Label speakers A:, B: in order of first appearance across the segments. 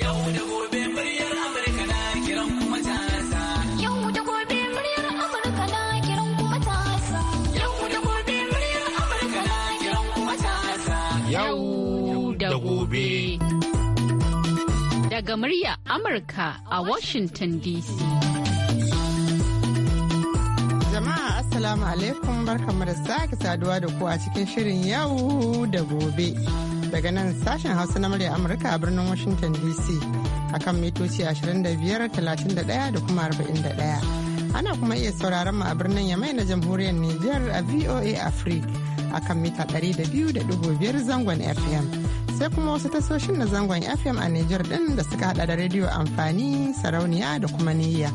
A: Yau da gobe muryar Amurka na kiran kuma ta Yau da gobe muryar Amurka na kiran kuma ta Yau da gobe
B: muryar Amurka na kiran kuma ta Yau
A: da gobe.
C: Daga murya Amurka a
D: Washington DC.
C: Jama'a Assalamu alaikum barkamu da sake saduwa da ku a cikin shirin yau da gobe. daga nan sashen hausa na murya amurka a birnin washington dc akan mitoci 25 31 da kuma 41 ana kuma iya sauraron mu a birnin yamai na jamhuriyar niger a voa africa akan mita 200.5 zangon fm sai kuma wasu tasoshin na zangon fm a niger din da suka hada da rediyo amfani sarauniya da kuma niyya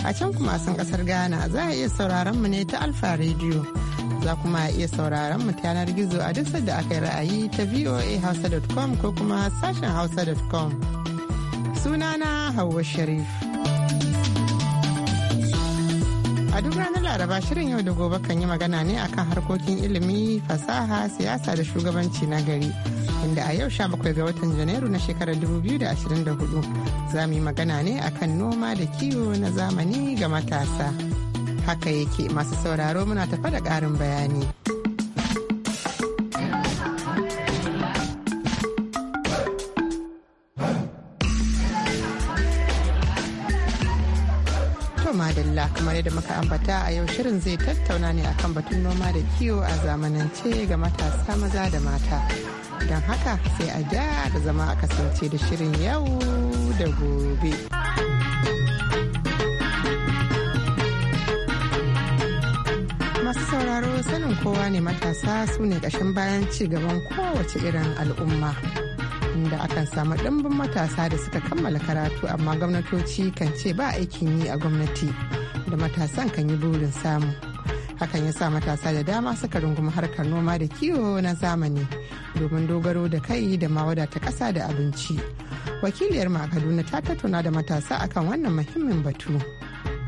C: a can kuma sun kasar ghana za a iya sauraron mu ne ta alfa rediyo za kuma iya sauraron mu ta yanar gizo a duk sanda aka yi ra'ayi ta voahausa.com ko kuma sashen hausa.com. Sunana Hauwa Sharif. A duk ranar Laraba shirin yau da gobe kan yi magana ne akan harkokin ilimi, fasaha, siyasa da shugabanci na gari. inda a yau sha bakwai ga watan janairu na shekarar 2024 za mu yi magana ne akan noma da kiwo na zamani ga matasa. haka yake masu sauraro muna tafa da ƙarin bayani. madalla kamar yadda muka ambata a yau shirin zai tattauna ne akan batun noma da kiwo a zamanance ga matasa maza da mata don haka sai a gyara zama a kasance da shirin yau da gobe. sauraro sanin kowa ne matasa su ne ƙashin bayan ci gaban kowace irin al'umma. inda akan samu ɗimbin matasa da suka kammala karatu amma gwamnatoci kan ce ba aikin yi a gwamnati da matasan kan yi burin samu. Hakan ya sa matasa da dama suka rungumi harkar noma da kiwo na zamani domin dogaro da kai da ma wadata ƙasa da abinci. Wakiliyar a Kaduna ta tattauna da matasa akan wannan muhimmin batu.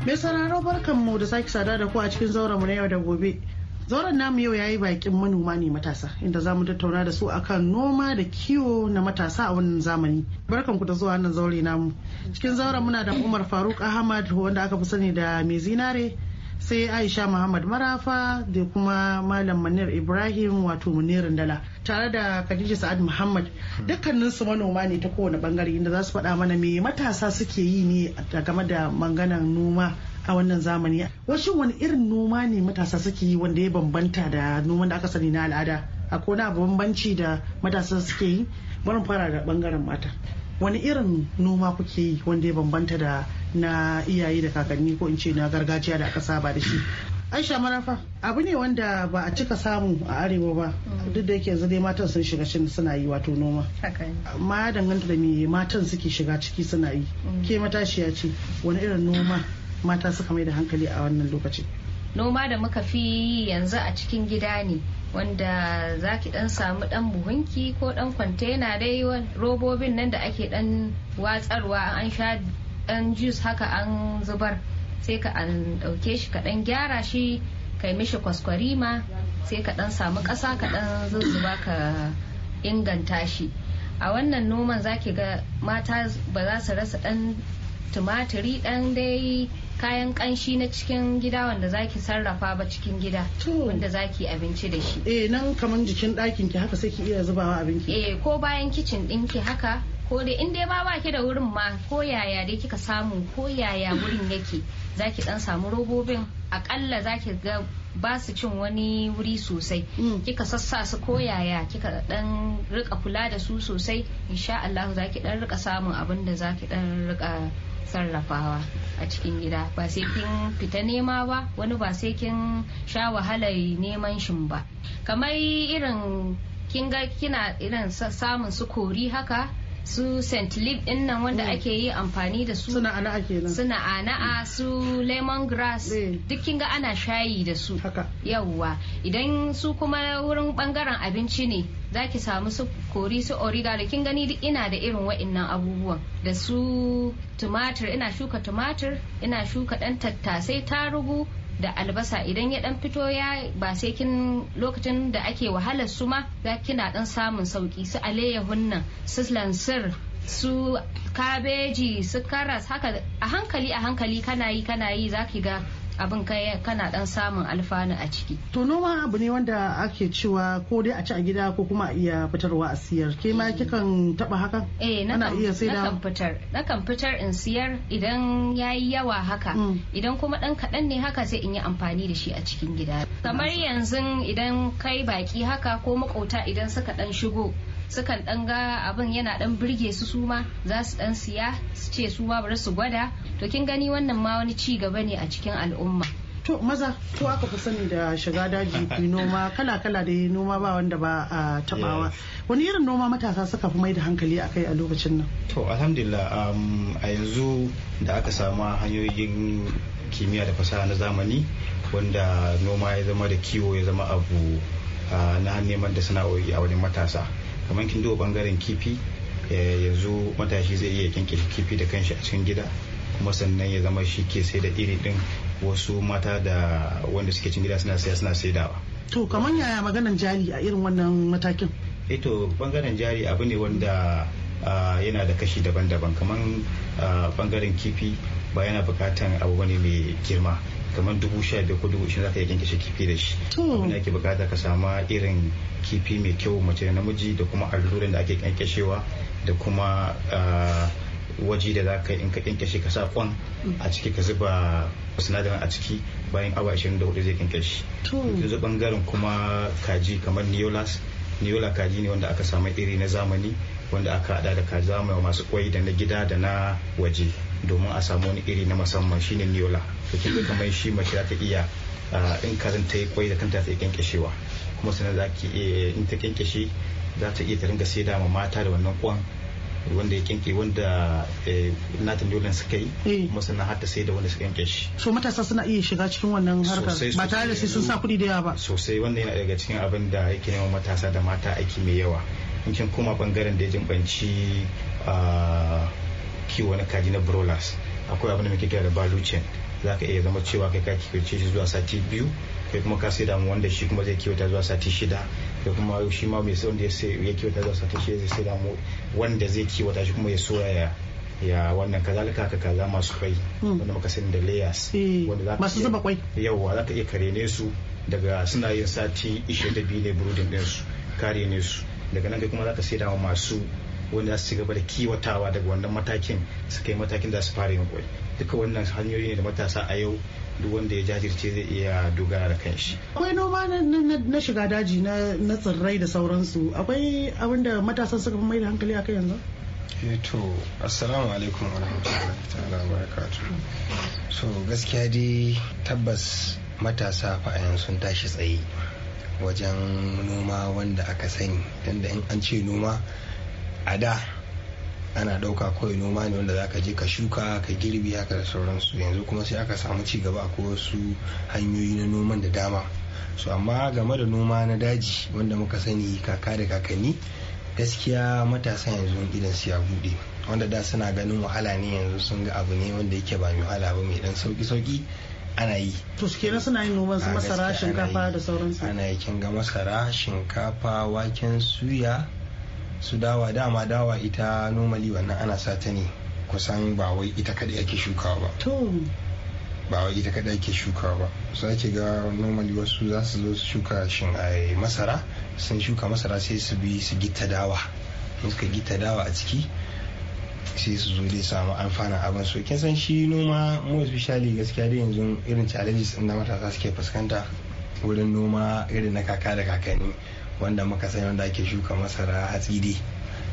E: Mai sauraro barkanmu mu da sake sada da ku a cikin zauren mu na yau da gobe. Zauren namu yau ya yi bakin manoma ne matasa inda za mu tattauna da su akan noma da kiwo na matasa a wannan zamani. barkan ku da zuwa nan zaure namu. Cikin zauren muna da Umar Faruk Ahmad wanda aka fi sani da mai zinare sai Aisha Muhammad Marafa da kuma Malam Manir Ibrahim wato Munirin Dala tare da Khadija Sa'ad Muhammad dukkanin su manoma ne ta kowane bangare inda za su faɗa mana me matasa suke yi ne game da manganan noma a wannan zamani wasu wani irin noma ne matasa suke yi wanda ya bambanta da noman da aka sani na al'ada akwai wani abu bambanci da matasa suke yi bari fara da bangaren mata wani irin noma kuke yi wanda ya bambanta da na iyaye da kakanni ko in ce na gargajiya da aka saba da shi aisha marafa abu ne wanda ba a cika samu a arewa ba mm. duk da yake yanzu dai matan sun shiga cikin suna yi wato noma amma ya danganta da me matan suke shiga ciki suna yi mm. ke matashiya ce wani irin noma mata suka mai da hankali a wannan lokaci
B: noma da muka fi yanzu a cikin gida ne wanda za ki dan samu dan buhunki ko dan kwantena dai robobin nan da ake dan watsarwa an sha dan jus haka an zubar sai ka an dauke shi ka dan gyara shi kai mishi ma sai ka dan samu ƙasa ka dan zuzzuba ka inganta shi a wannan noman za ki ga mata ba za su rasa dan tumatiri dan dai kayan kanshi na cikin gida wanda zaki sarrafa ba cikin gida wanda zaki abinci da shi eh nan kaman jikin ɗakin ki haka sai ki iya zubawa abinki eh ko bayan kicin ki haka ko dai in dai ba ba da wurin ma ko yaya dai kika samu ko yaya wurin yake zaki dan samu robobin akalla zaki ga ba su cin wani wuri sosai mm. kika sassa su ko yaya kika dan rika kula da su sosai insha Allah zaki dan rika samun abin zaki dan rika sarrafawa a cikin gida ba sai kin fita nema ba wani ba sai kin sha wahalar neman shin ba kamar irin kin ga kina irin samun su kori haka su st lip din nan wanda mm. ake yi amfani da su suna ana'a kenan suna ana'a su lemon grass mm. duk ga ana shayi da su yawwa idan su kuma wurin bangaren abinci ne zaki samu su kori su origano kin gani duk ina da irin wa'annan abubuwan da su tumatir ina shuka tumatir ina shuka dan tattasai tarugu da albasa idan ya dan fito ya ba sai kin lokacin da ake wahalar su ma za kina dan samun sauki su alayyahun nan su lansir su kabeji su karas haka a hankali a hankali kana yi kana yi za ki ga abin kai kana dan samun alfanu a ciki
E: to noma abu ne wanda ake cewa ko dai a ci a gida ko kuma a iya fitarwa a siyar ke
B: ma eh. kikan taba hakan eh na iya nakan fitar kan fitar in siyar idan yayi yawa haka mm. idan kuma dan kadan ne haka sai in yi amfani da shi a cikin gida kamar yanzu idan kai baki haka ko makauta idan suka dan shigo sukan dan ga abin yana dan birge su su ma za su dan siya su ce su ba bari su gwada to kin gani wannan ma wani ci gaba ne a cikin al'umma
E: to maza ko aka fi sani da shiga daji ku noma kala kala da noma ba wanda ba a tabawa wani irin noma matasa suka fi mai da hankali akai a lokacin nan
F: to alhamdulillah um, a yanzu da aka samu hanyoyin kimiyya da fasaha na zamani wanda noma ya zama da kiwo ya zama abu uh, na neman da sana'o'i a wani matasa kamar kin duba bangaren kifi eh, yanzu matashi zai iya kinkiri kifi da kanshi a cikin gida kuma sannan ya zama shi ke sai da iri din wasu mata da wanda suke cin gida suna saya suna saidawa
E: to kamar yaya maganan jari a irin wannan matakin
F: eto eh bangaren jari abu ne wanda ah, yana da kashi daban-daban kamar ah, bangaren kifi ba yana bukatan abu wani mai girma kamar dubu sha biyu ko dubu ishirin za ka iya kifi da shi abin da ake bukata ka sama irin kifi mai kyau mace da namiji da kuma alluran da ake kyankyashewa da kuma ah, waje da za ka in ka kyankyashe ka sa kwan mm. a ciki ka zuba sinadarin a ciki bayan awa 24 zai kyankyashe yanzu bangaren kuma kaji kamar neolas neola kaji ne wanda aka samu iri na zamani wanda aka hada da kaji zamani masu kwai da na gida da na waje domin a samu wani iri na musamman shine neola to da kamar shi mace za ta iya ah, in karin ta yi kwai da kanta ta iya kyankyashewa kuma sannan za ki iya in ta kyankyashe za ta iya ta ringa sai da ma mata da wannan kwan wanda ya kyanke wanda eh, natin dolan suka yi eh. kuma sannan har ta sai da wanda suka yanke shi
E: so matasa suna iya shiga cikin wannan harkar ba tare da sai sun sa kuɗi da
F: yawa ba sosai wannan yana daga cikin abin da yake neman matasa da mata aiki mai yawa in kin koma bangaren da ya jimbanci ah, kiwo na kaji na broilers akwai abin da muke kira da baluchin za ka iya zama cewa kai ka kiwace shi zuwa sati biyu kai kuma ka saida mu wanda shi kuma zai kiwata zuwa sati shida kai kuma shi ma mai wanda ya kiwata zuwa sati shida zai saida mu wanda zai kiwata shi kuma ya soya ya wannan kazalika ka kaza masu kai. Hmm. wanda muka sani da layers eh, wanda za masu zuba kwai yawa za ka iya kare ne su daga suna yin sati 22 ne brooding din su kare ne su daga nan kai kuma za ka saida mu masu Wani za su ci gaba da kiwatawa daga wannan matakin su kai matakin da su fara yin kwai duka wannan hanyoyi ne da matasa a yau duk wanda ya jajirce zai iya dogara da kanshi.
E: Akwai noma na shiga daji na tsirrai da sauransu akwai abin da matasan suka fi mai da hankali a kai yanzu?
G: Eh to assalamu alaikum warahmatullahi ta'ala barakatu so gaskiya dai tabbas matasa fa'ayan sun tashi tsaye wajen noma wanda aka sani tunda in an ce noma a da ana ɗauka kawai noma ne wanda zaka je ka shuka ka girbi haka da sauransu yanzu kuma sai aka samu ci gaba ko wasu hanyoyi na noman da dama so amma game da noma na daji wanda muka sani kaka da kakanni gaskiya matasa yanzu idan su ya bude wanda da suna ganin wahala ne yanzu sun ga abu ne wanda yake ba mai wahala ba mai dan sauki sauki ana yi to kenan suna yin noman su masara shinkafa da sauransu ana yi kin ga masara shinkafa waken suya su dawa dama dawa ita nomali wannan ana sata ne kusan ba wai ita kada yake shukawa ba ba wai ita kada yake shukawa ba su ake ga nomali wasu za su zo su shuka shin masara sun shuka masara sai su bi su gita dawa in suka gita dawa a ciki sai su zo dai samu amfanin abin so kin san shi noma mu especially gaskiya dai yanzu irin challenges din da matasa suke fuskanta wurin noma irin na kaka da kakanni wanda muka sani wanda ake shuka masara hatsi dai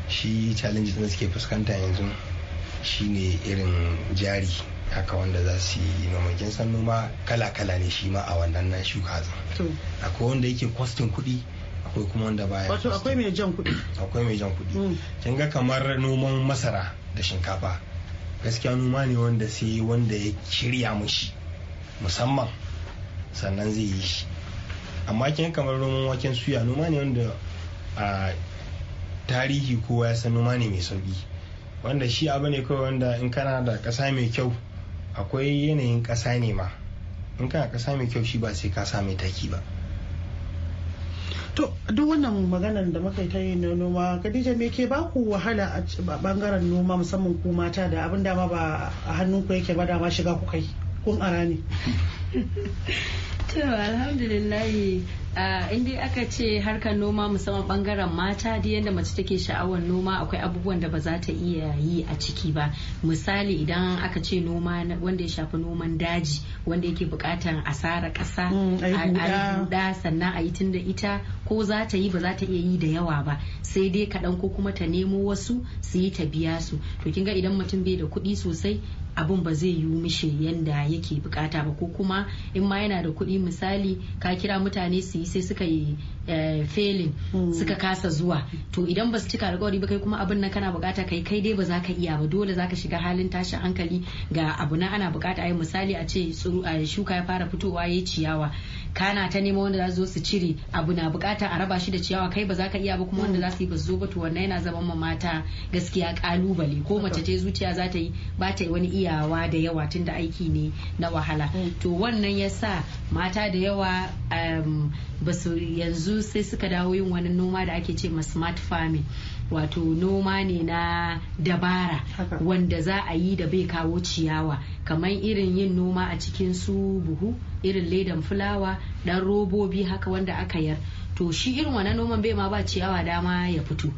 G: shi challenge da suke fuskanta yanzu shine irin jari haka wanda za su yi mamakin san noma kala-kala ne shi ma a wannan nan shuka zan akwai wanda yake kwastin kuɗi akwai kuma wanda baya wato akwai
E: mai jan kuɗi
G: akwai mai jan kuɗi mm. kin ga kamar noman masara da shinkafa gaskiya noma ne wanda sai wanda ya shirya mushi musamman sannan zai yi shi amma kin kamar roman waken suya noma ne wanda a tarihi kowa ya san noma ne mai sauki wanda shi abu ne kawai wanda in kana da ƙasa mai kyau akwai yanayin ƙasa ne ma in kana ƙasa mai kyau shi ba sai ka sa mai taki ba
E: to duk wannan maganar da muka ta yi na noma kadija me ke ba ku wahala a bangaren noma musamman ku mata da abin dama ba a hannun ku yake ba dama shiga ku kai kun ara ne
D: to alhamdulillah Ah, in dai aka ce harkar noma musamman bangaren mata da yadda mace take sha'awar noma akwai abubuwan da ba za ta iya yi a ciki ba misali idan aka ce noma wanda ya shafi noman daji wanda yake bukatar asara kasa a mm, huda sannan a yi tun da ita ko za ta yi ba za ta iya yi da yawa ba sai dai kaɗan ko kuma ta nemo wasu su yi ta biya su to kin ga idan mutum bai da kuɗi sosai abun ba zai yiwu mishi yanda yake bukata ba ko kuma in ma yana da kuɗi misali ka kira mutane su sai suka yi eh, felin hmm. suka kasa zuwa to idan ba su cika alkawari ba kai kuma abin nan kana bukata kai kai dai ba za ka iya ba dole za ka shiga halin tashin hankali ga abu na ana bukata a yi misali a ce shuka ya fara fitowa ya ciyawa kana ta nemo wanda za su zo su cire abu na bukata a raba shi da ciyawa kai ba za ka iya ba kuma wanda za su yi ba su zo ba to wannan yana zama ma mata gaskiya kalubale ko mace ce zuciya za ta yi ba ta yi wani iyawa da yawa tun da aiki ne na wahala mm. to wannan ya sa mata da yawa um, ba su yanzu sai suka dawo yin wani noma da ake ce ma smart farming wato noma ne na dabara wanda za a yi da bai kawo ciyawa kamar irin yin noma a cikin su buhu irin ledan fulawa dan robobi haka wanda aka yar to shi irin wannan noman bai ma ba ciyawa dama ya fito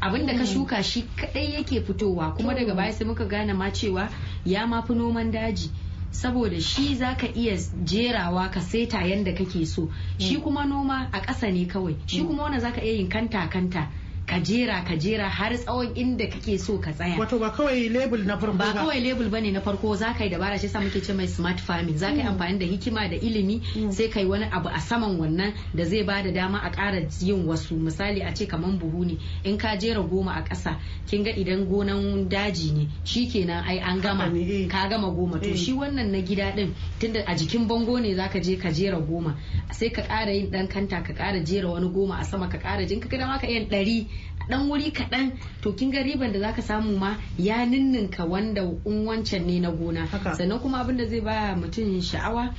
D: abin da ka mm. shuka shi kadai yake fitowa kuma daga baya sai muka gane ma cewa ya ma fi noman daji saboda shi za ka iya jerawa ka seta yadda kake so shi mm. kuma noma a ƙasa ne kawai shi mm. kuma wanda ka iya yin kanta kanta ka jera ka jera har tsawon inda kake so ka tsaya wato ba kawai label na farko ba kawai label bane na farko za ka yi dabara shi yasa muke ce mai smart farming za ka yi mm. amfani da hikima da ilimi mm. sai Kai wani abu a saman wannan da zai ba da dama a ƙara yin wasu misali a ce kaman buhu ne in ka jera goma a ƙasa kin ga idan gonan daji ne shi shikenan ai an gama eh. ka gama goma to shi eh. wannan na gida din tunda a jikin bango ne zaka je ka jera goma sai ka ƙara yin ɗan kanta ka ƙara jera wani goma a sama ka ƙara jin ka ma ka yin ɗari dan wuri kaɗan to kin ga riban da zaka samu ma ya ninninka wanda in wancan ne na gona sannan kuma abin da zai baya mutum sha'awa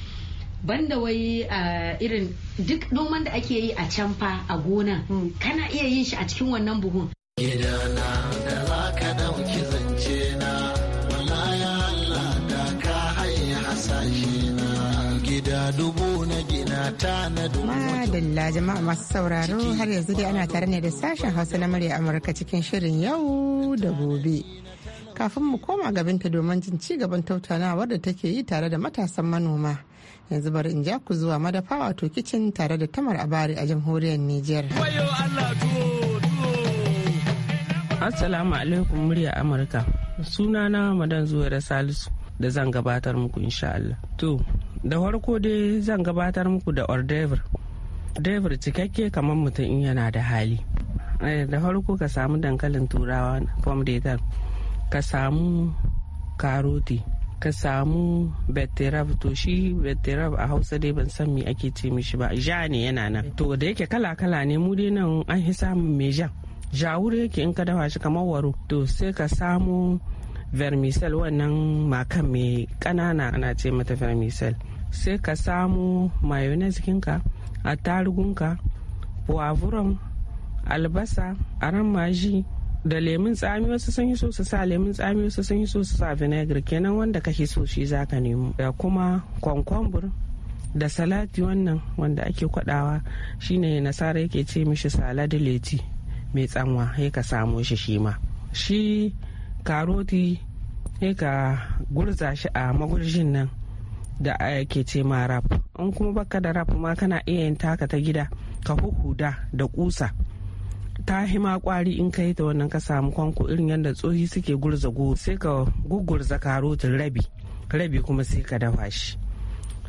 D: banda wai irin duk noman da ake yi a can fa a gona hmm. kana iya yin shi a cikin wannan buhun
C: gidana da za ka dauki zance na Alhamdulillah jama'a masu sauraro har yanzu dai ana tare ne da sashen Hausa na murya Amurka cikin shirin yau da gobe. Kafin mu koma gabinta domin jin ci gaban tattaunawar da take yi tare da matasan manoma. Yanzu bari in ja ku zuwa madafa wato kicin tare da Tamar Abari a jamhuriyar Nijar.
A: Assalamu alaikum murya Amurka. Sunana Madan Zuwa Salisu da zan gabatar muku insha Allah. To, da farko dai zan gabatar muku da ordever Direbar cikakke kamar mutum in yana da hali. Eh, da farko ka samu dankalin turawa fom ka samu karoti, ka samu beterab to shi beterab a hausa dai ban san me ake ce mishi ba ja ne yana nan to da yake kala kala ne mu dai nan an fi samun mai ja ja wuri yake in ka dafa shi kamar waro to sai ka samu vermicell wannan makan mai kanana ana ce mata vermicell sai ka samu mayonnaise kinka attarugunka puwavuron albasa aran maji da lemun tsami wasu sun yi so su sa lemun tsami wasu sun yi so su sa vinegar kenan wanda kake so shi zaka nemo da kuma kwankwambur da salati wannan wanda ake kwadawa shine nasara yake ce mishi salad leti mai tsanwa sai ka samo shi shi ma shi karoti sai ka gurza shi a magurjin nan da ake ce ma rap in kuma baka da rap ma kana iya yin taka ta gida ka huhuda da kusa ta hima kwari in ka yi ta wannan ka samu kwanko irin yadda tsohi suke gurza go sai ka gugurza karotin rabi rabi kuma sai ka dafa shi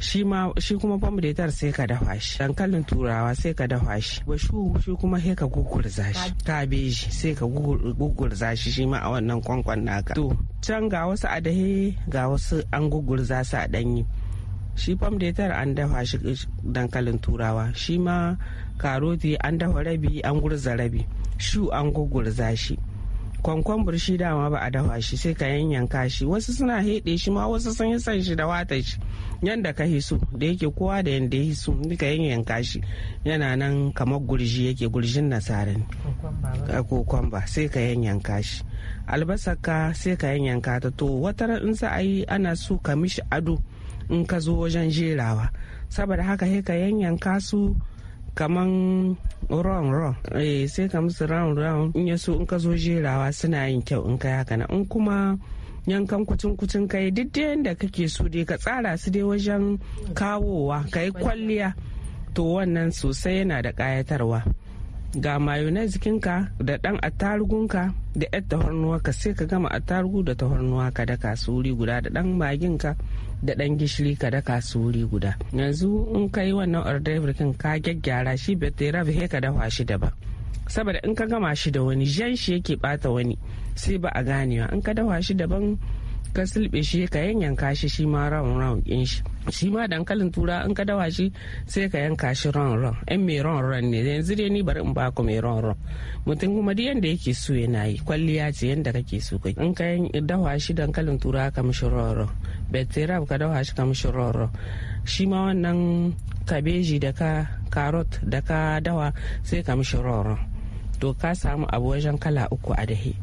A: shi kuma famdetar sai ka dafa shi dankalin turawa sai ka dafa shi shu shi kuma sai ka gugurza shi kabeji sai ka gugurza shi shi ma a wannan kwankwan naka to can ga wasu adahe ga wasu an gugurza su a danyi shi fam da tara an dafa shi dankalin turawa shi ma karoti an dafa rabi an gurza rabi shu an gugurza shi kwankwan burshi dama ba a dafa shi sai ka yanyanka shi wasu suna heɗe shi ma wasu sun yi san shi da wata shi yanda ka hisu da yake kowa da yanda ya hisu ka yanyanka shi yana nan kamar gurji yake gurjin nasarin kokon ba sai ka yanyanka shi albasarka sai ka yanyanka ta to wata in za a yi ana so ka mishi ado in ka zo wajen jerawa saboda haka sai ka yanyanka su kaman round round eh sai ka musu round round in yaso in ka zo jerawa suna yin kyau in ka haka na in kuma yankan kucin kucin kai duk da yanda kake so dai ka tsara su dai wajen kawowa ka kwalliya to wannan sosai yana da ƙayatarwa ga mayonnaise kinka da dan attarugunka da yar ka sai ka gama attarugu da tafarnuwa ka daka su wuri guda da dan maginka da dan gishiri ka daka su wuri guda yanzu in ka yi wannan ordever kin ka gyaggyara shi rabu sai ka dafa shi daban saboda in ka gama shi da wani jan shi yake bata wani sai ba a ganewa in ka dafa shi daban ka silbe shi ka yanyanka shi shi ma round round din shi shi ma dankalin tura in ka dawa shi sai ka yanka shi round round in mai round round ne yanzu dai ni bari in ba ku mai round round mutum kuma duk yanda yake so yana yi kwalliya ce yanda kake so kai in ka dawa shi dankalin tura ka mishi round round beterab ka dawa shi ka mishi round round shi ma wannan kabeji da ka carrot da ka dawa sai ka mishi round round to ka samu abu wajen kala uku a dahi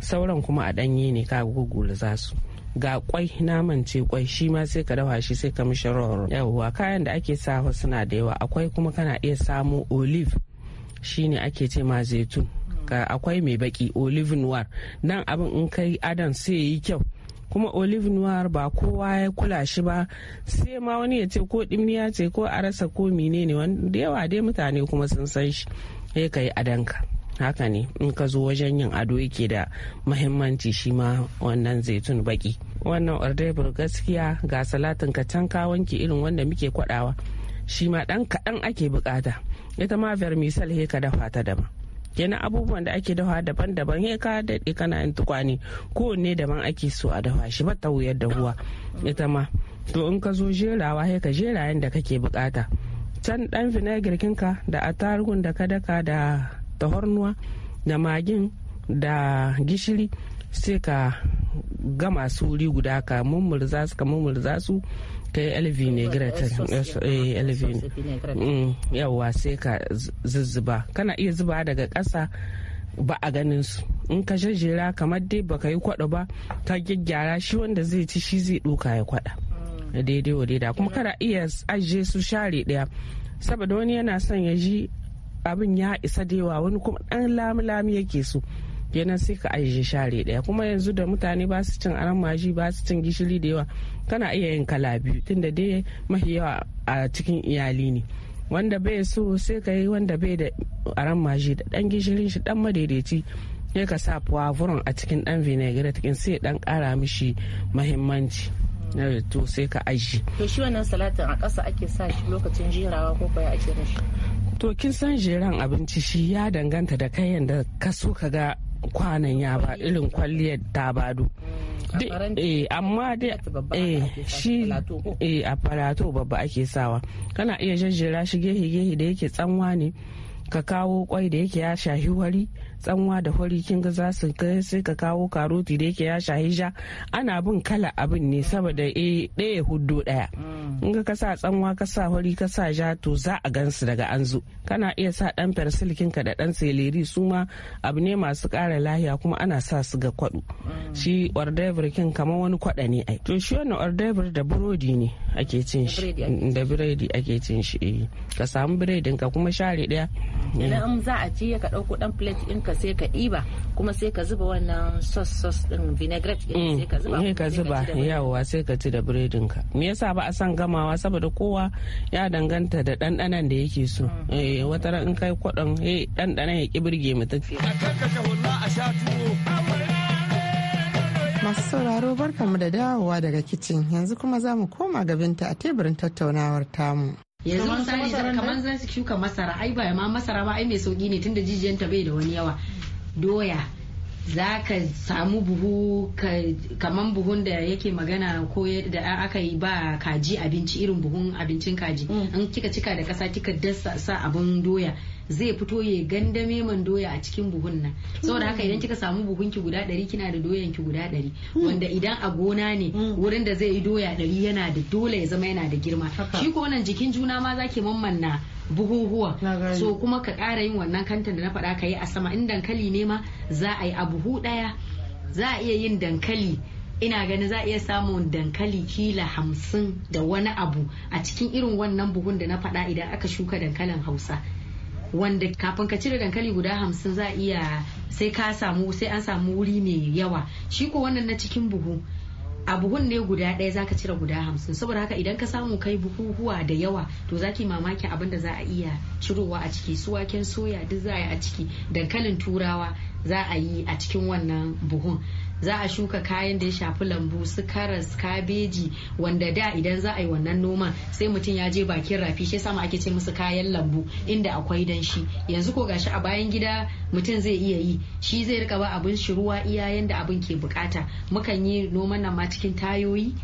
A: sauran kuma a ɗanye ne ka gugula za su ga kwai naman ce kwai shi ma sai ka dafa shi sai ka mishi roro yawwa kayan da ake sawa suna da yawa akwai kuma kana iya samo olive shine ake ce ma zaitun akwai mai baki olive noir nan abin in kai adam sai yi kyau kuma olive noir ba kowa ya kula shi ba sai ma wani ya ce ko dimniya ce ko a rasa ko menene wani da yawa dai mutane kuma sun san shi sai ka yi adanka haka ne in ka zo wajen yin ado yake da mahimmanci shi ma wannan zaitun baki wannan ordebur gaskiya ga salatin ka can ka wanke irin wanda muke kwadawa shi ma dan kaɗan ake bukata ita ma vermicell he ka dafa ta daban kenan abubuwan da ake dafa daban-daban he ka daɗe kana yin tukwane kowanne daban ake so a dafa shi ba ta wuyar da dahuwa ita ma to in ka zo jerawa he ka jera yadda kake bukata can dan vinegar kinka da attarugun da ka daka da tahornuwa da magin da gishiri sai ka gama su wuri guda ka mummurza su ka mummurza su ka yi alvi ne yawwa sai ka zuzzuba kana iya zuba daga ƙasa ba a ganin su in ka jajjera kamar dai baka yi kwaɗo ba ka gyaggyara shi wanda zai ci shi zai duka ya kwada mm. daidai wa daidai kuma mm. kana iya ajiye su share ɗaya saboda wani yana son ya ji abin ya isa da yawa wani kuma dan lamulami yake so kenan sai ka ajiye share daya kuma yanzu da mutane ba su cin aran maji ba su cin gishiri da yawa kana iya yin kala biyu tunda dai mafi yawa a cikin iyali ne wanda bai so sai ka yi wanda bai da aran maji da dan gishirin shi dan madaidaici sai ka sa puwavuron a cikin dan kin sai dan kara mishi mahimmanci na to sai ka aji.
C: To shi wannan salatin a kasa ake sa shi lokacin jerawa ko kwaya ake rashi?
A: to kin san jeran abinci shi ya danganta da kayan da ka so ka ga kwanan ya ba irin kwalliyar ta bado eh, amma dai eh, shi eh, a farato babba ake sawa kana iya jejjera shi gehe-gehe da yake tsanwa ne ka kawo kwai da yake ya shahi wari tsanwa da hori kin ga za su kai sai ka kawo karoti da yake ya shahi ja ana bin kala abin ne saboda eh ɗaya hudu ɗaya mm. in ka kasa tsanwa ka sa hori ka sa ja to za a gansu daga an zo kana iya sa ɗan persil ka da ɗan seleri su ma abu ne masu ƙara lahiya kuma ana sa su ga kwaɗo mm. shi ordever kin kamar wani kwaɗa ne ai to shi wannan ordever da burodi ne ake cin shi da biredi ake cin shi eh. ka samu biredin ka kuma share ɗaya idan
D: za a ci ka ɗauko ɗan plate ɗin haka sai ka ɗiba kuma sai ka zuba wannan sauce sauce din vinaigrette mm. sai ka zuba sai ka zuba yawa
A: sai ka ci da biredin ka me yasa ba a san gamawa saboda kowa ya danganta da ɗanɗanan da yake so mm. eh wata in kai kwadon eh ɗanɗanan ya ki burge mutum
C: masu sauraro barkamu da dawowa daga kicin yanzu kuma za mu koma ga binta a teburin tattaunawar tamu
D: yanzu misali kamar zan shuka masara ai ba ma masara ba ai mai sauki ne tunda jijiyanta bai da wani yawa doya za ka samu buhu kamar buhun da yake magana ko da aka yi ba kaji abinci irin buhun abincin kaji mm. in kika cika da kasa kika dasa sa abin doya zai fito ya gandame man doya a cikin buhun nan hmm. saboda haka idan kika samu buhun ki guda ɗari kina da doyan ki guda ɗari hmm. wanda idan a gona ne hmm. wurin da zai yi doya ɗari yana da dole ya zama yana da girma shi ko wannan jikin juna ma zaki mammanna buhuhuwa so kuma ka ƙara yin wannan kantan da na faɗa ka yi a sama in dankali ne ma za a yi a buhu ɗaya za a iya yin dankali ina ganin za a iya samun dankali kila hamsin da wani abu a cikin irin wannan buhun da na faɗa idan aka shuka dankalin hausa wanda kafin ka cire dankali guda hamsin za iya sai ka samu sai an samu wuri mai yawa shi ko wannan na cikin buhu a buhun ne guda ɗaya zaka cire guda hamsin saboda haka idan ka samu kai buhuhuwa da yawa to zaki mamaki abin da za a iya cirowa a ciki su waken soya duk za a yi a ciki dankalin turawa za a yi a cikin wannan buhun za a shuka kayan da ya shafi lambu su karas kabeji wanda da idan za a yi wannan noma sai mutum ya je bakin rafi shi sama ake ce musu kayan lambu inda akwai danshi yanzu ko gashi a bayan gida mutum zai iya yi shi zai rika ba abin shi ruwa iya yanda abin ke bukata mukan yi noman nan ma cikin tayoyi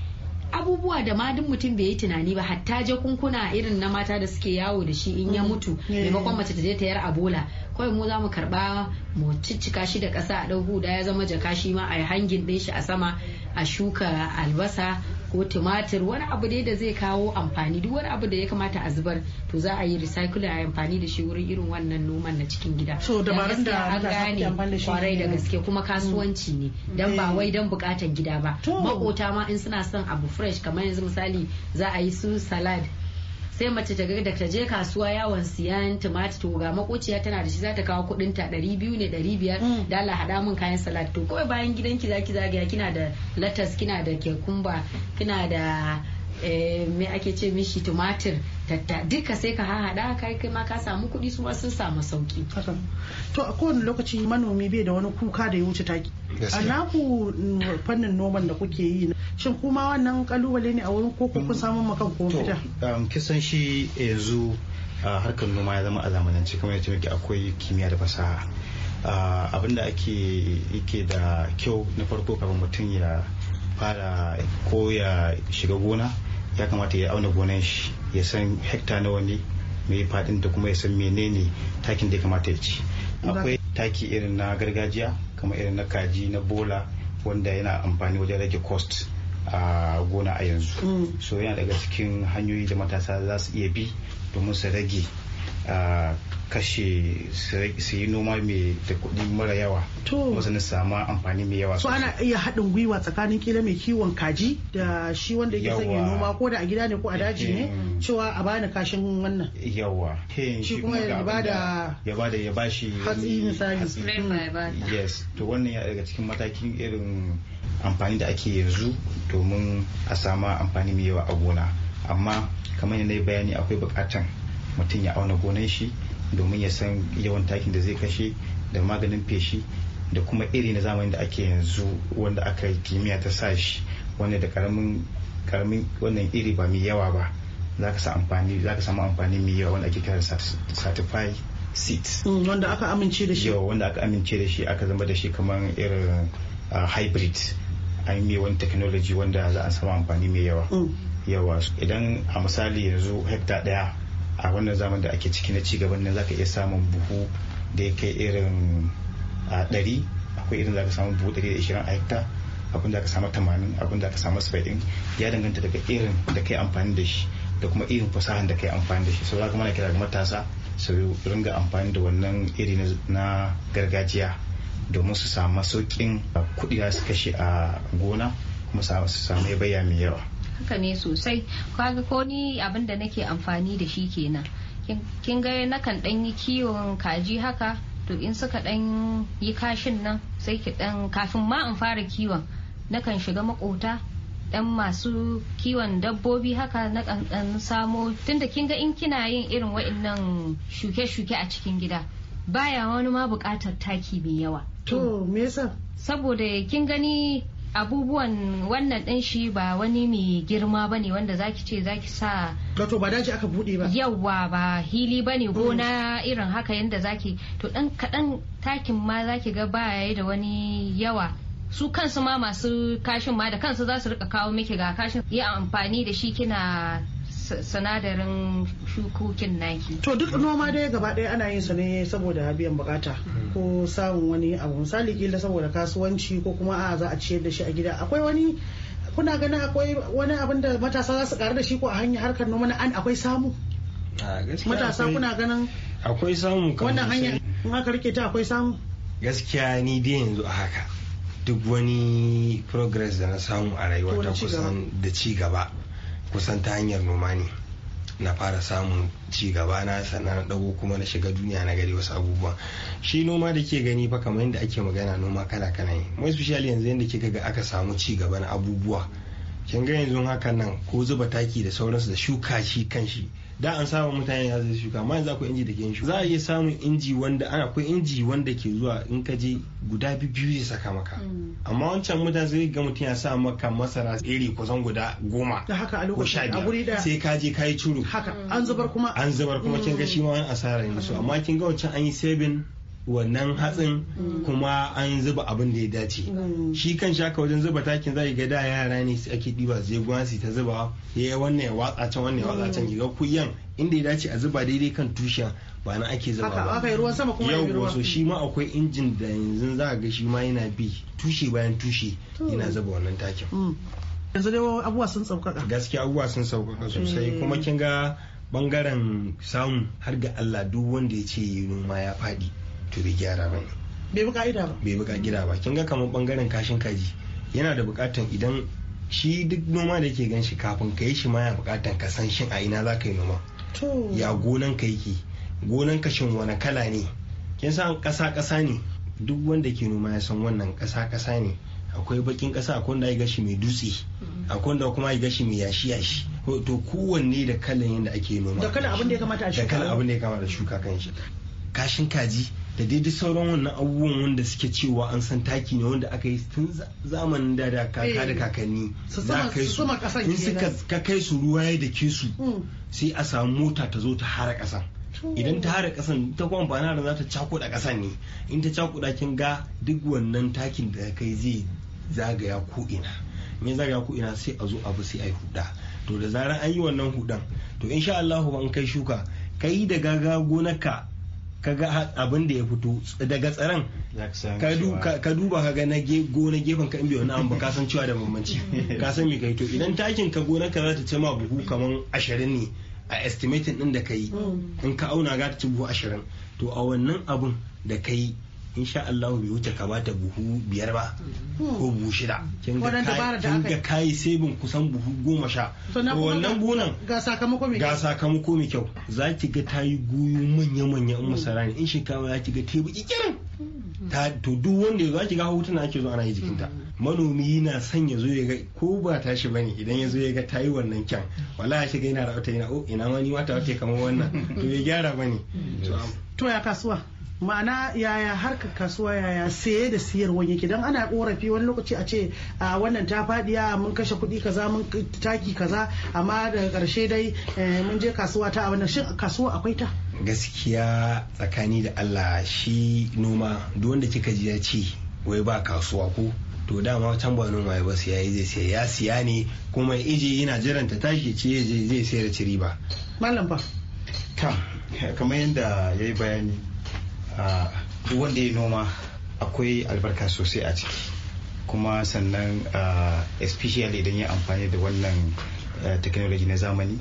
D: abubuwa da ma duk mutum bai yi tunani ba hatta jakunkuna irin na mata da suke yawo da shi in ya mm. mutu maimakon mace ta je ta yar abola kawai mu za mu karba mu ciccika shi da ƙasa a ɗau huda ya zama jaka shi ma a hangin ɗin shi a sama a shuka albasa ko tumatir wani abu dai da zai kawo amfani duk wani abu da ya kamata a zubar to za a yi recycle a amfani da shi wurin irin wannan noman na cikin gida so dabarun da an gane kwarai da gaske kuma kasuwanci ne dan ba wai dan bukatan gida ba makota ma in suna son abu fresh kamar yanzu misali za a yi su salad sai mace ta da ta je kasuwa yawon siyan tumatir to ga makociya tana da shi za ta kawo kuɗin ta ɗari biyu ne ɗari biyar mm. da Allah haɗa min kayan salad to kawai bayan gidanki zaki zagaya kina da latas kina da kekumba kina da Eh, me ake ce mishi tumatir tatta duka sai ka hada kai kai ma ka samu kudi su sun samu sauki to a kowane lokaci manomi bai da wani kuka
E: da ya wuce taki a naku mm, fannin noman da kuke yi shin kuma wannan kalubale ne a wurin ko kun samu makan ko to
F: um, kisan shi yanzu harkar noma ya zama a zamanance kamar yadda muke akwai kimiyya da fasaha abinda ake yake da kyau na farko kafin mutum ya fara ko ya shiga gona ya kamata ya auna gonan shi ya san hekta nawa ne mai fadin da kuma ya san menene takin da ya kamata ya ci akwai taki irin na gargajiya kamar irin na kaji na bola wanda yana amfani wajen rage cost a gona a yanzu mm. so yana daga cikin hanyoyi da matasa za su iya bi domin su rage kashe su yi noma mai da kuɗi mara yawa to wasu na sama amfani mai yawa so ana
E: iya haɗin gwiwa tsakanin kila mai kiwon kaji da shi wanda yake son noma ko da a gida ne ko a daji ne cewa a bani kashin wannan
F: yawa shi kuma ya bada ya bada ya bashi hatsi misali yes to wannan ya daga cikin matakin irin amfani da ake yanzu domin a sama amfani mai yawa a gona amma kamar yadda bayani akwai bukatan mutum ya auna gonan shi domin ya san yawan takin da zai kashe da maganin feshi da kuma iri na zamani da ake yanzu wanda aka yi kimiyya ta sa shi wanda da karamin karamin wannan iri ba mai yawa ba za ka amfani za ka samu amfani mai yawa wanda ake kira certified seeds mm, wanda aka amince da shi yawa wanda aka amince da shi aka zama da shi kamar irin ah, hybrid an yi wani technology wanda za a samu amfani mai yawa mm. yawa idan a misali yanzu hekta daya a wannan zaman da ake ciki na cigaban nan zaka iya samun buhu da ya kai irin a ɗari akwai irin zaka samu buhu ɗari da ishirin a hekta abin da aka samu tamanin abin da aka samu saba'in ya danganta daga irin da kai amfani da shi da kuma irin fasahan da kai amfani da shi sau zaka mana kira ga matasa su ringa amfani da wannan iri na gargajiya domin su samu sauƙin kuɗi su kashe a gona kuma su samu ya bayya mai yawa
B: haka ne sosai kaga ko ni abin da nake amfani da shi kenan kin ga nakan dan yi kiwon kaji haka to in suka dan yi kashin nan sai ki dan kafin ma in fara kiwon na kan shiga makota dan masu kiwon dabbobi haka na dan samo tunda kin ga in kina yin irin wa'annan shuke-shuke a cikin gida baya wani ma bukatar taki mai yawa to me yasa saboda kin gani abubuwan wannan ɗin shi ba wani mai girma ba ne wanda zaki ce zaki sa
E: to ba daji aka bude ba
B: yawa ba hili ba ne mm. gona irin haka yadda zaki to dan kaɗan takin ma zaki ga ba yayi da wani yawa su kansu ma masu kashin ma da kansu za su rika kawo miki ga kashin yi amfani da shi kina sinadarin shukokin naki
E: to duk noma dai gaba ɗaya ana yin sa ne saboda biyan bukata ko samun wani abu misali kila saboda kasuwanci ko kuma a za a ciyar da shi a gida akwai wani kuna ganin akwai wani abin da matasa za su karu da shi ko a hanyar harkar noma an akwai samu
G: matasa kuna ganin akwai samu wannan hanyar
E: in aka rike ta akwai samu
G: gaskiya ni dai yanzu a haka duk wani progress da na samu a rayuwa ta kusan da ci gaba kusan ta hanyar noma ne na fara samun ci gaba na sannan na dago kuma na shiga duniya na gari wasu abubuwan shi noma da ke gani fa kamar yadda ake magana noma kala kala ne mai especially yanzu yadda kika ga aka samu ci gaba na abubuwa kin ga yanzu hakan nan ko zuba taki da sauransu da shuka shi kan shi da an samu mutane ya zai shuka amma yanzu akwai inji da ke yin shuka za a iya samun inji wanda ana akwai inji wanda ke zuwa in ka je guda biyu zai saka maka mm. amma wancan mutane zai ga mutum ya sa maka masara iri kusan guda goma
E: da haka a lokacin a guri daya. sai
G: ka je ka yi curu haka mm. an zubar kuma an zubar kuma kin ga mm. shi ma wani asara ne so amma kin ga wancan an yi sabin wannan hatsin
E: mm. kuma
G: an zuba abin da ya dace mm. shi kan shaka wajen zuba takin zai ga da yara ne su ake ɗiba su je su ta zuba ya yi wannan ya watsa can wannan ya watsa can mm. ga kuyan inda ya dace a zuba daidai kan tushen ba na ake zuba ba haka ruwan sama kuma yau wasu shi ma akwai injin da yanzu za ga shi ma yana bi tushe bayan tushe yana zuba wannan takin yanzu dai abubuwa sun sauƙaƙa gaskiya abubuwa sun sauƙaƙa sosai eh. kuma kin ga bangaren samu har ga Allah duk wanda ya ce noma ya faɗi to bai gyara ba bai buka gida ba bai buka gida ba kin ga kamar bangaren kashin kaji yana da bukatan idan shi duk noma da yake gan shi kafin ka yi shi ma ya bukatan ka san shin a ina za ka yi noma ya gonan ka yake gonan ka shin wani kala ne kin san kasa kasa ne duk wanda ke noma ya san wannan kasa kasa ne akwai bakin kasa akwai wanda ya gashi mai dutse mm-hmm. akwai wanda kuma ya gashi mai yashi yashi to kowanne da kallon yadda ake noma da kallon abin da ya kamata a shuka da abin da ya kamata a shuka kan shi kashin kaji da daidai sauran wannan abubuwan wanda suke cewa an san taki ne wanda aka yi tun zamanin da da kaka da eh, kakanni za kai su in suka ka kai su ruwa ya da ke su hmm. sai a samu mota ta zo ta hara kasan idan ta hara kasan ta kuma bana da za ta cakuɗa kasan ne in ta cakuɗa kin ga duk wannan takin da kai zai zagaya ko ina in zagaya ko ina sai a zo abu sai a yi huda to da zarar an yi wannan huɗan to insha Allah in kai shuka kai da gaga gonarka kaga abin da ya fito daga tsaron ka duba ka ga na gona gefen ka in biyo na ka san cewa da bambanci ka san me kai to idan takin ka gona ka za ta ce ma buhu kaman ashirin ne a estimating din da ka yi mm. in ka auna ga ta ci buhu ashirin to a wannan abun da ka yi insha Allah bai wuce kamata buhu biyar ba hmm. ko buhu shida kin ga kai sebin kusan buhu goma sha wannan gonan
E: ga sakamako mai ga
G: sakamako mai kyau Zaki ga tayi guyu manya manya in masara ne in shekara za ki ga tebu kirin hmm. ta to duk wanda ya zo ga hotuna ake zo ana yi jikinta hmm. manomi yana son ya zo ya ga ko ba tashi bane idan ya zo ya ga tayi wannan kyan wallahi shi ga yana rawata yana oh ina wani wata wata kamar wannan to ya gyara bane
E: to ya kasuwa ma'ana yaya harkar kasuwa yaya saye da siyarwa yake don ana korafi wani lokaci a ce a wannan ta fadiya mun kashe kuɗi kaza mun taki kaza amma daga karshe dai eh, mun je kasuwa ta abin shin kasuwa akwai ta
G: gaskiya tsakani da Allah shi noma duk wanda kika ji ya ce wai ba kasuwa ko to dama can ba noma ya basu yayi zai sai ya siya ne kuma iji yana jiran ta tashi ce zai sayar da ci riba malam ba. kam kamar
F: yadda yayi bayani Ah, duk wanda ya noma akwai albarka sosai a ciki kuma sannan ah, especially idan ya amfani da wannan eh, technology na zamani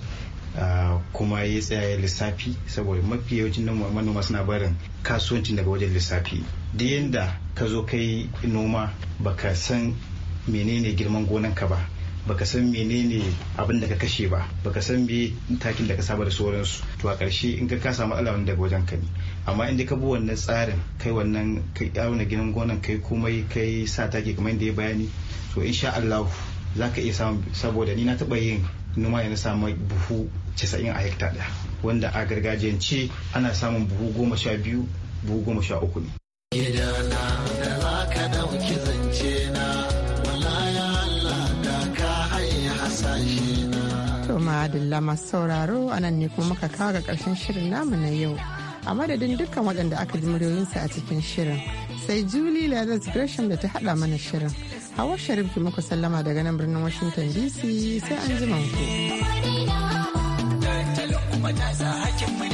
F: ah, kuma ya tsaya lissafi saboda mafi yawancin manoma suna barin kasuwanci daga wajen lissafi da yadda ka zo kai noma baka san menene girman gonanka ba baka san menene abin da ka kashe ba baka san me takin da ka saba da sauransu to a ƙarshe in ka kasa matsala wani daga wajen ka ne amma inda ka bi wannan tsarin kai wannan kai na ginin gonan kai komai kai sa taki kamar yadda ya bayani to insha Allah za ka iya samun saboda ni na taɓa yin noma ya na samu buhu 90 a hekta ɗaya wanda a gargajiyance ana samun buhu goma sha biyu buhu goma sha uku ne
C: Abdullah masu sauraro a nan ne kuma muka kawo ga karshen shirin namu na yau. A madadin dukkan waɗanda aka ji muryoyinsa a cikin shirin. Sai Julie Lazarus Gresham da ta haɗa mana shirin. hawar Sharif ki muku sallama daga nan birnin Washington DC sai an ji
D: ku.